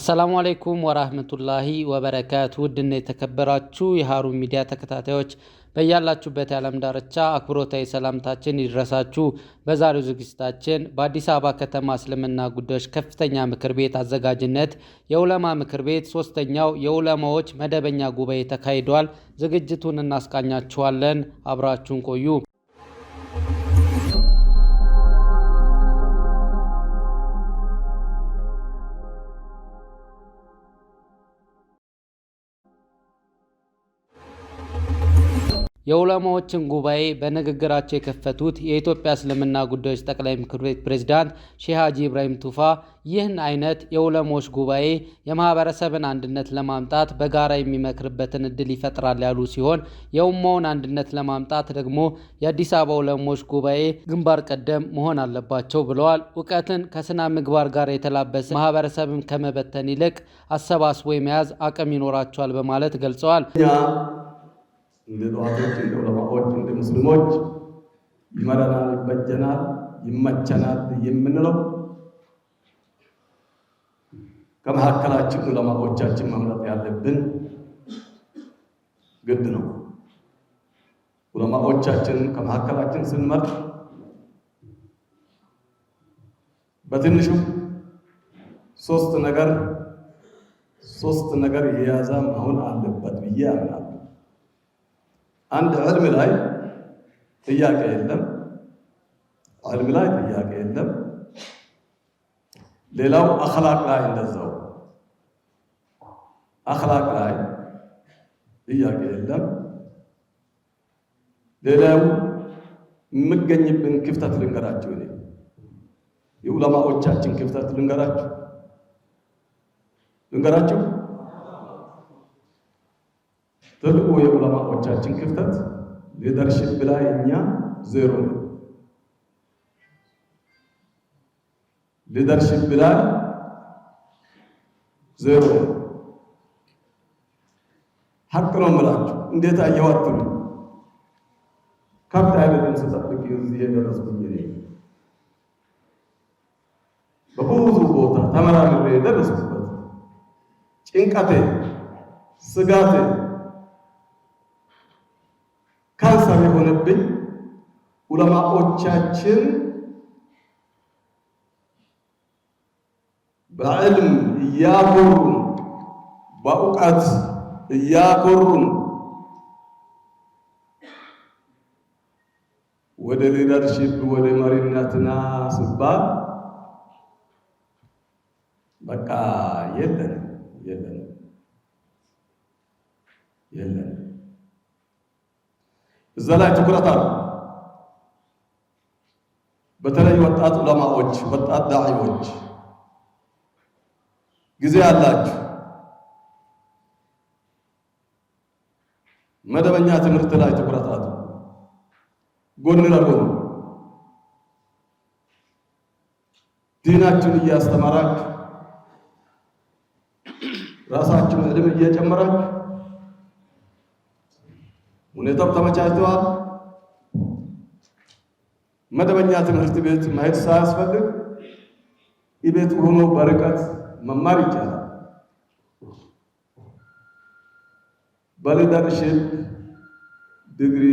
አሰላሙ አሌይኩም ወራህመቱላሂ ወበረካቱ። ውድና የተከበራችሁ የሀሩን ሚዲያ ተከታታዮች በያላችሁበት የዓለም ዳርቻ አክብሮታዊ ሰላምታችን ይድረሳችሁ። በዛሬው ዝግጅታችን በአዲስ አበባ ከተማ እስልምና ጉዳዮች ከፍተኛ ምክር ቤት አዘጋጅነት የውለማ ምክር ቤት ሶስተኛው የውለማዎች መደበኛ ጉባኤ ተካሂዷል። ዝግጅቱን እናስቃኛችኋለን። አብራችሁን ቆዩ። የዑለማዎችን ጉባኤ በንግግራቸው የከፈቱት የኢትዮጵያ እስልምና ጉዳዮች ጠቅላይ ምክር ቤት ፕሬዝዳንት ሼህ ሀጂ ኢብራሂም ቱፋ ይህን አይነት የዑለማዎች ጉባኤ የማህበረሰብን አንድነት ለማምጣት በጋራ የሚመክርበትን እድል ይፈጥራል ያሉ ሲሆን የኡማውን አንድነት ለማምጣት ደግሞ የአዲስ አበባ ውለሞች ጉባኤ ግንባር ቀደም መሆን አለባቸው ብለዋል። እውቀትን ከስነ ምግባር ጋር የተላበሰ ማህበረሰብን ከመበተን ይልቅ አሰባስቦ የመያዝ አቅም ይኖራቸዋል በማለት ገልጸዋል። እንደ ጠዋቶች፣ እንደ ዑለማዎች፣ እንደ ሙስሊሞች ይመረናል፣ ይበጀናል፣ ይመቸናል የምንለው ከመካከላችን ዑለማዎቻችን መምረጥ ያለብን ግድ ነው። ዑለማዎቻችን ከመካከላችን ስንመርጥ በትንሹ ሶስት ነገር ሶስት ነገር የያዘ መሆን አለበት ብዬ አምናለሁ። አንድ ዕልም ላይ ጥያቄ የለም። ዕልም ላይ ጥያቄ የለም። ሌላው አኽላቅ ላይ እንደዛው አኽላቅ ላይ ጥያቄ የለም። ሌላው የምገኝብን ክፍተት ልንገራችሁ፣ እኔ የዑለማዎቻችን ክፍተት ልንገራችሁ ልንገራችሁ ትልቁ የዑለማዎቻችን ክፍተት ሊደርሽፕ ላይ እኛ ዜሮ ነው። ሊደርሽፕ ላይ ዜሮ ነው። ሀቅ ነው የምላችሁ። እንዴት አየዋትሉ ከብት አይደለም ስጠብቅ እዚህ የደረስኩኝ በብዙ ቦታ ተመራምሬ የደረስኩበት ጭንቀቴ ስጋቴ ካንሰር የሆነብኝ ዑለማዎቻችን በዕልም እያኮሩን በእውቀት እያኮሩን ወደ ሊደርሺፕ ወደ መሪነትና ስባል በቃ የለን የለን የለን እዛ ላይ ትኩረት አለ። በተለይ ወጣት ዑለማዎች፣ ወጣት ዳዒዎች ጊዜ አላችሁ። መደበኛ ትምህርት ላይ ትኩረት አለ። ጎን ለጎን ዲናችሁን እያስተማራችሁ ራሳችሁን እድም እየጨመራችሁ ሁኔታው ተመቻችተዋል። መደበኛ ትምህርት ቤት ማየት ሳያስፈልግ የቤት ሆኖ በርቀት መማር ይቻላል። በሊደርሽፕ ዲግሪ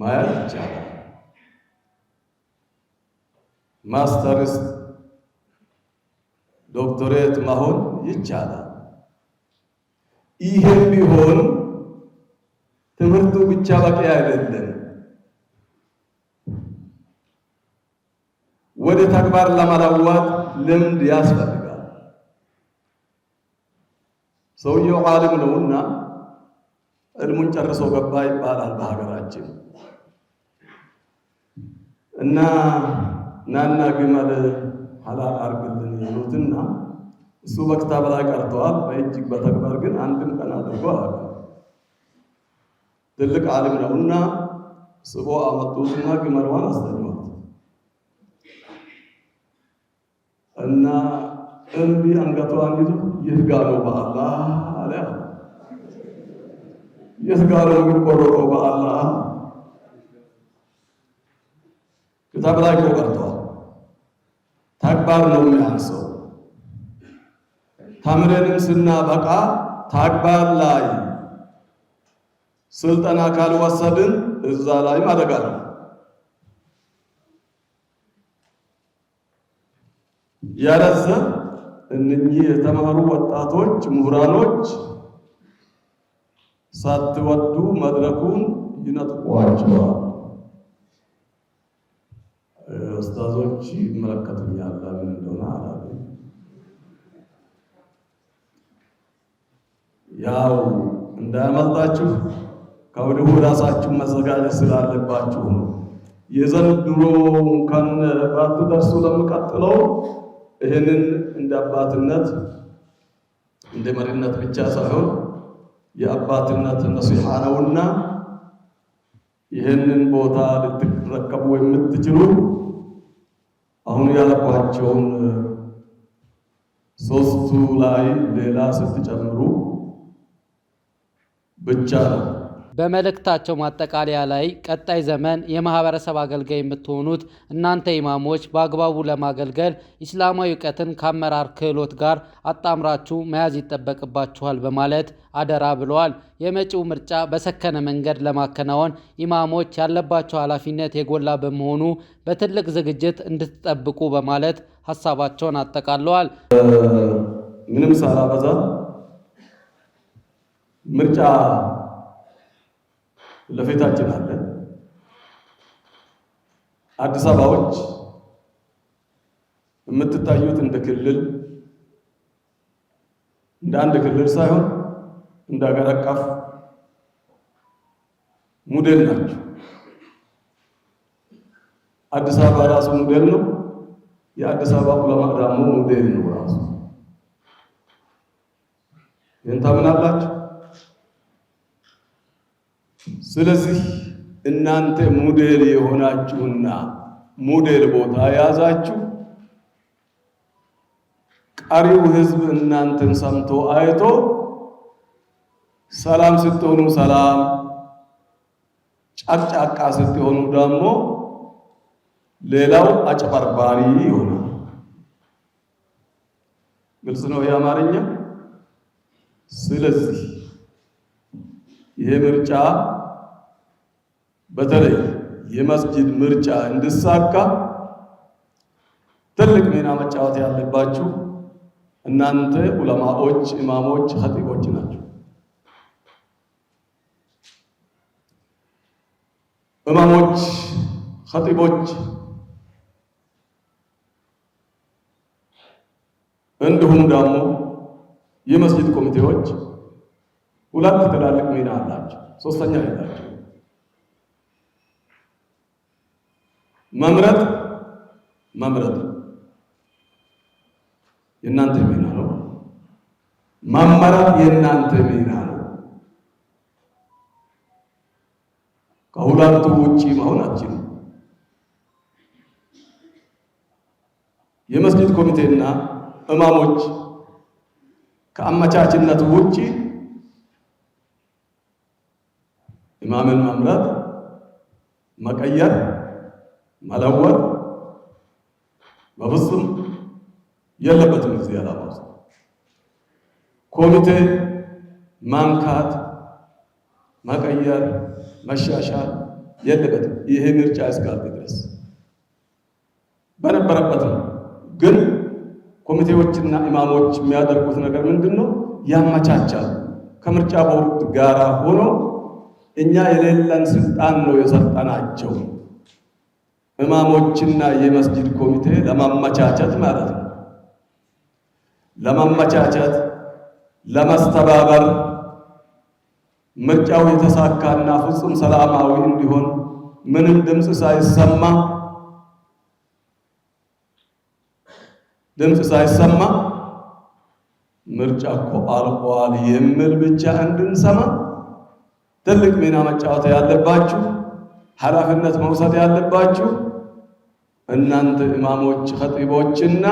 ማየት ይቻላል። ማስተርስ ዶክተሬት መሆን ይቻላል። ይህም ቢሆን ትምህርቱ ብቻ በቂ አይደለም። ወደ ተግባር ለማላዋት ልምድ ያስፈልጋል። ሰውየው ዓለም ነውና እድሙን ጨርሶ ገባ ይባላል በሀገራችን እና ናና ግመል ሐላል አርግልን ያሉትና እሱ በክታብ ላይ ቀርተዋል። በእጅግ በተግባር ግን አንድም ቀን አድርጎ ትልቅ ዓለም ነውና ስቦ አመጡትና ግመሏን አስተኛት እና እምቢ አንገቷ እንግዲህ የት ጋ ነው በአላህ አለ። የት ጋ ነው የሚቆረጦ በአላህ ክታብ ላይ ቀርቷል። ተግባር ነው የሚያንሰው። ተምረንም ስናበቃ ተግባር ላይ ስልጠና ካልወሰድን እዛ ላይ ማደግ አለ። ያለዛ እነኚህ የተማሩ ወጣቶች ምሁራኖች ሳትወዱ መድረኩን ይነጥቋቸዋል። ኡስታዞች ይመለከቱኛል፣ ለምን እንደሆነ አላውቅም። ያው እንዳያመልጣችሁ ከወዲሁ ራሳችሁ መዘጋጀት ስላለባችሁ ነው። የዘንድሮ እንኳን ባትደርሱ ለሚቀጥለው ይህንን እንደ አባትነት እንደ መሪነት ብቻ ሳይሆን የአባትነት ነሲሓ ነውና ይህንን ቦታ ልትረከቡ የምትችሉ አሁን ያለኳቸውን ሶስቱ ላይ ሌላ ስትጨምሩ ብቻ ነው። በመልእክታቸው ማጠቃለያ ላይ ቀጣይ ዘመን የማህበረሰብ አገልጋይ የምትሆኑት እናንተ ኢማሞች በአግባቡ ለማገልገል ኢስላማዊ እውቀትን ከአመራር ክህሎት ጋር አጣምራችሁ መያዝ ይጠበቅባችኋል በማለት አደራ ብለዋል። የመጪው ምርጫ በሰከነ መንገድ ለማከናወን ኢማሞች ያለባቸው ኃላፊነት የጎላ በመሆኑ በትልቅ ዝግጅት እንድትጠብቁ በማለት ሀሳባቸውን አጠቃለዋል። ምንም ሳላበዛ ምርጫ ለፊታችን አለ። አዲስ አበባዎች የምትታዩት እንደ ክልል እንደ አንድ ክልል ሳይሆን እንደ ሀገር አቀፍ ሞዴል ናቸው። አዲስ አበባ ራሱ ሞዴል ነው። የአዲስ አበባ ዑለማ ደግሞ ሞዴል ነው ራሱ። ይህን ታምናላችሁ? ስለዚህ እናንተ ሞዴል የሆናችሁና ሞዴል ቦታ የያዛችሁ ቀሪው ህዝብ እናንተን ሰምቶ አይቶ ሰላም ስትሆኑ ሰላም፣ ጫቅጫቃ ስትሆኑ ደግሞ ሌላው አጭበርባሪ ይሆናል። ግልጽ ነው የአማርኛ። ስለዚህ ይሄ ምርጫ በተለይ የመስጂድ ምርጫ እንድሳካ ትልቅ ሚና መጫወት ያለባችሁ እናንተ ዑለማዎች፣ ኢማሞች፣ ሀጢቦች ናቸው። ኢማሞች፣ ሀጢቦች እንዲሁም ደግሞ የመስጂድ ኮሚቴዎች ሁለት ትላልቅ ሚና አላቸው። ሶስተኛ ይላቸው መምረጥ መምረጥ የእናንተ ሚና ነው። መመረጥ የእናንተ ሚና ነው። ከሁለቱ ውጪ መሆናችን የመስጊድ ኮሚቴና እማሞች ከአመቻችነት ውጪ ኢማምን መምረጥ መቀየር መለወጥ በፍጹም የለበትም። እዚህ ዓላማ ውስጥ ኮሚቴ ማንካት፣ መቀየር፣ መሻሻል የለበትም። ይሄ ምርጫ እስካልክ ድረስ በነበረበት ነው። ግን ኮሚቴዎችና ኢማሞች የሚያደርጉት ነገር ምንድን ነው? ያመቻቻል ከምርጫ ቦርድ ጋራ ሆኖ እኛ የሌለን ስልጣን ነው የሰጠናቸው። እማሞችና የመስጂድ ኮሚቴ ለማመቻቸት ማለት ነው። ለማመቻቸት ለመስተባበር ምርጫው የተሳካና ፍጹም ሰላማዊ እንዲሆን ምንም ድምፅ ሳይሰማ ድምፅ ሳይሰማ ምርጫ እኮ አልቋል የሚል ብቻ እንድንሰማ ትልቅ ሚና መጫወት ያለባችሁ ኃላፊነት መውሰድ ያለባችሁ እናንተ ኢማሞች፣ ኸጢቦችና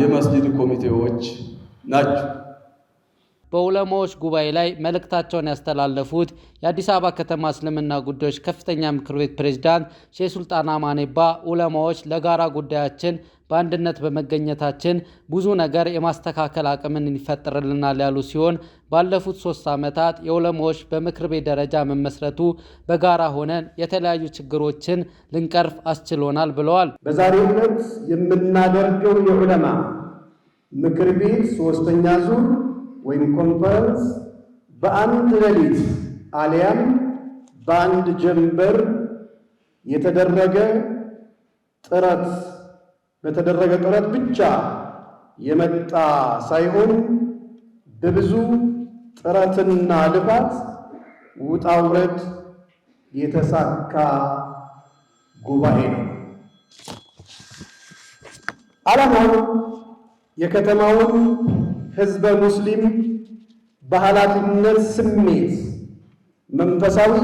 የመስጂድ ኮሚቴዎች ናችሁ። በዑለማዎች ጉባኤ ላይ መልእክታቸውን ያስተላለፉት የአዲስ አበባ ከተማ እስልምና ጉዳዮች ከፍተኛ ምክር ቤት ፕሬዝዳንት ሼህ ሱልጣን አማኔባ ዑለማዎች ለጋራ ጉዳያችን በአንድነት በመገኘታችን ብዙ ነገር የማስተካከል አቅምን ይፈጥርልናል ያሉ ሲሆን ባለፉት ሶስት ዓመታት የዑለማዎች በምክር ቤት ደረጃ መመስረቱ በጋራ ሆነን የተለያዩ ችግሮችን ልንቀርፍ አስችሎናል ብለዋል። በዛሬው ዕለት የምናደርገው የዑለማ ምክር ቤት ሶስተኛ ዙር ወይም ኮንፈረንስ በአንድ ሌሊት አሊያም በአንድ ጀንበር የተደረገ ጥረት በተደረገ ጥረት ብቻ የመጣ ሳይሆን በብዙ ጥረትና ልፋት ውጣ ውረድ የተሳካ ጉባኤ ነው። ዓላማው የከተማውን ሕዝበ ሙስሊም በኃላፊነት ስሜት መንፈሳዊ፣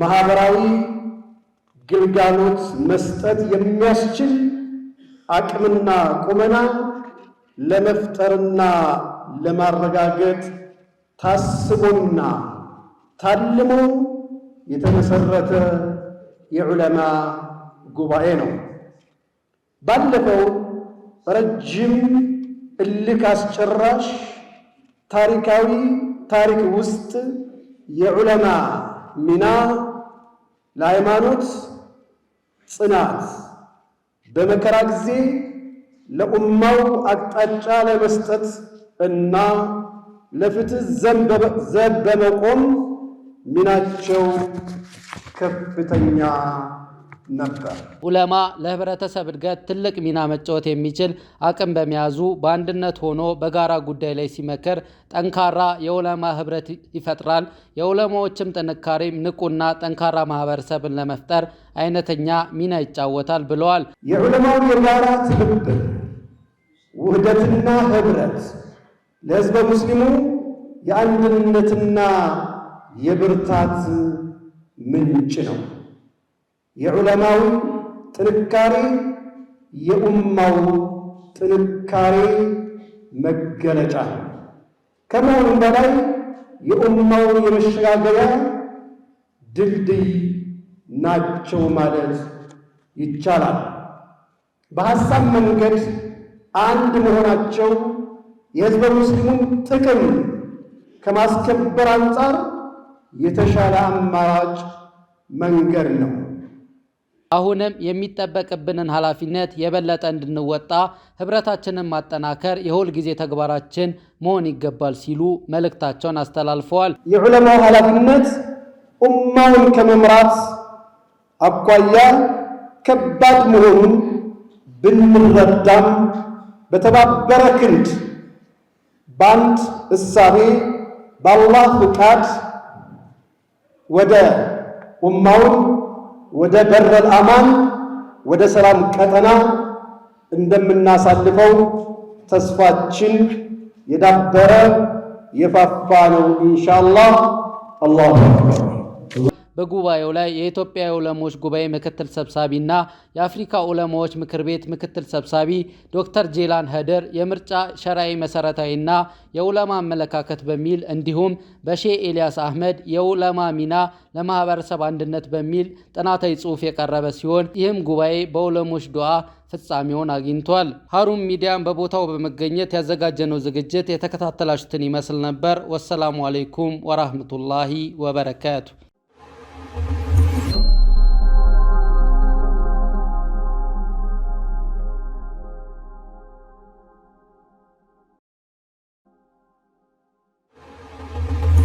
ማህበራዊ ግልጋሎት መስጠት የሚያስችል አቅምና ቁመና ለመፍጠርና ለማረጋገጥ ታስቦና ታልሞ የተመሰረተ የዑለማ ጉባኤ ነው። ባለፈው ረጅም እልክ አስጨራሽ ታሪካዊ ታሪክ ውስጥ የዑለማ ሚና ለሃይማኖት ጽናት በመከራ ጊዜ ለኡማው አቅጣጫ ለመስጠት እና ለፍትህ ዘብ በመቆም ሚናቸው ከፍተኛ ነበር። ዑለማ ለህብረተሰብ እድገት ትልቅ ሚና መጫወት የሚችል አቅም በመያዙ በአንድነት ሆኖ በጋራ ጉዳይ ላይ ሲመክር ጠንካራ የዑለማ ህብረት ይፈጥራል። የዑለማዎችም ጥንካሬም ንቁና ጠንካራ ማህበረሰብን ለመፍጠር አይነተኛ ሚና ይጫወታል ብለዋል። የዑለማው የጋራ ትብብር ውህደትና ህብረት ለህዝበ ሙስሊሙ የአንድነትና የብርታት ምንጭ ነው። የዑለማው ጥንካሬ የኡማው ጥንካሬ መገለጫ ከመሆኑ ከመሆኑም በላይ የኡማው የመሸጋገሪያ ድልድይ ናቸው ማለት ይቻላል። በሐሳብ መንገድ አንድ መሆናቸው የሕዝበ ሙስሊሙን ጥቅም ከማስከበር አንጻር የተሻለ አማራጭ መንገድ ነው። አሁንም የሚጠበቅብንን ኃላፊነት የበለጠ እንድንወጣ ህብረታችንን ማጠናከር የሁል ጊዜ ተግባራችን መሆን ይገባል ሲሉ መልእክታቸውን አስተላልፈዋል። የዑለማው ኃላፊነት ኡማውን ከመምራት አኳያ ከባድ መሆኑን ብንረዳም በተባበረ ክንድ በአንድ እሳቤ በአላህ ፍቃድ ወደ ኡማውን ወደ በረል አማን ወደ ሰላም ቀጠና እንደምናሳልፈው ተስፋችን የዳበረ የፋፋ ነው። ኢንሻአላህ አላሁ አክበር። በጉባኤው ላይ የኢትዮጵያ የዑለሞች ጉባኤ ምክትል ሰብሳቢ እና የአፍሪካ ዑለማዎች ምክር ቤት ምክትል ሰብሳቢ ዶክተር ጄላን ሀደር የምርጫ ሸራይ መሰረታዊና የዑለማ አመለካከት በሚል እንዲሁም በሼህ ኤልያስ አህመድ የዑለማ ሚና ለማህበረሰብ አንድነት በሚል ጥናታዊ ጽሑፍ የቀረበ ሲሆን ይህም ጉባኤ በዑለሞች ዱዓ ፍጻሜውን አግኝቷል። ሀሩን ሚዲያን በቦታው በመገኘት ያዘጋጀነው ዝግጅት የተከታተላችሁትን ይመስል ነበር። ወሰላሙ አሌይኩም ወራህመቱላሂ ወበረካቱ።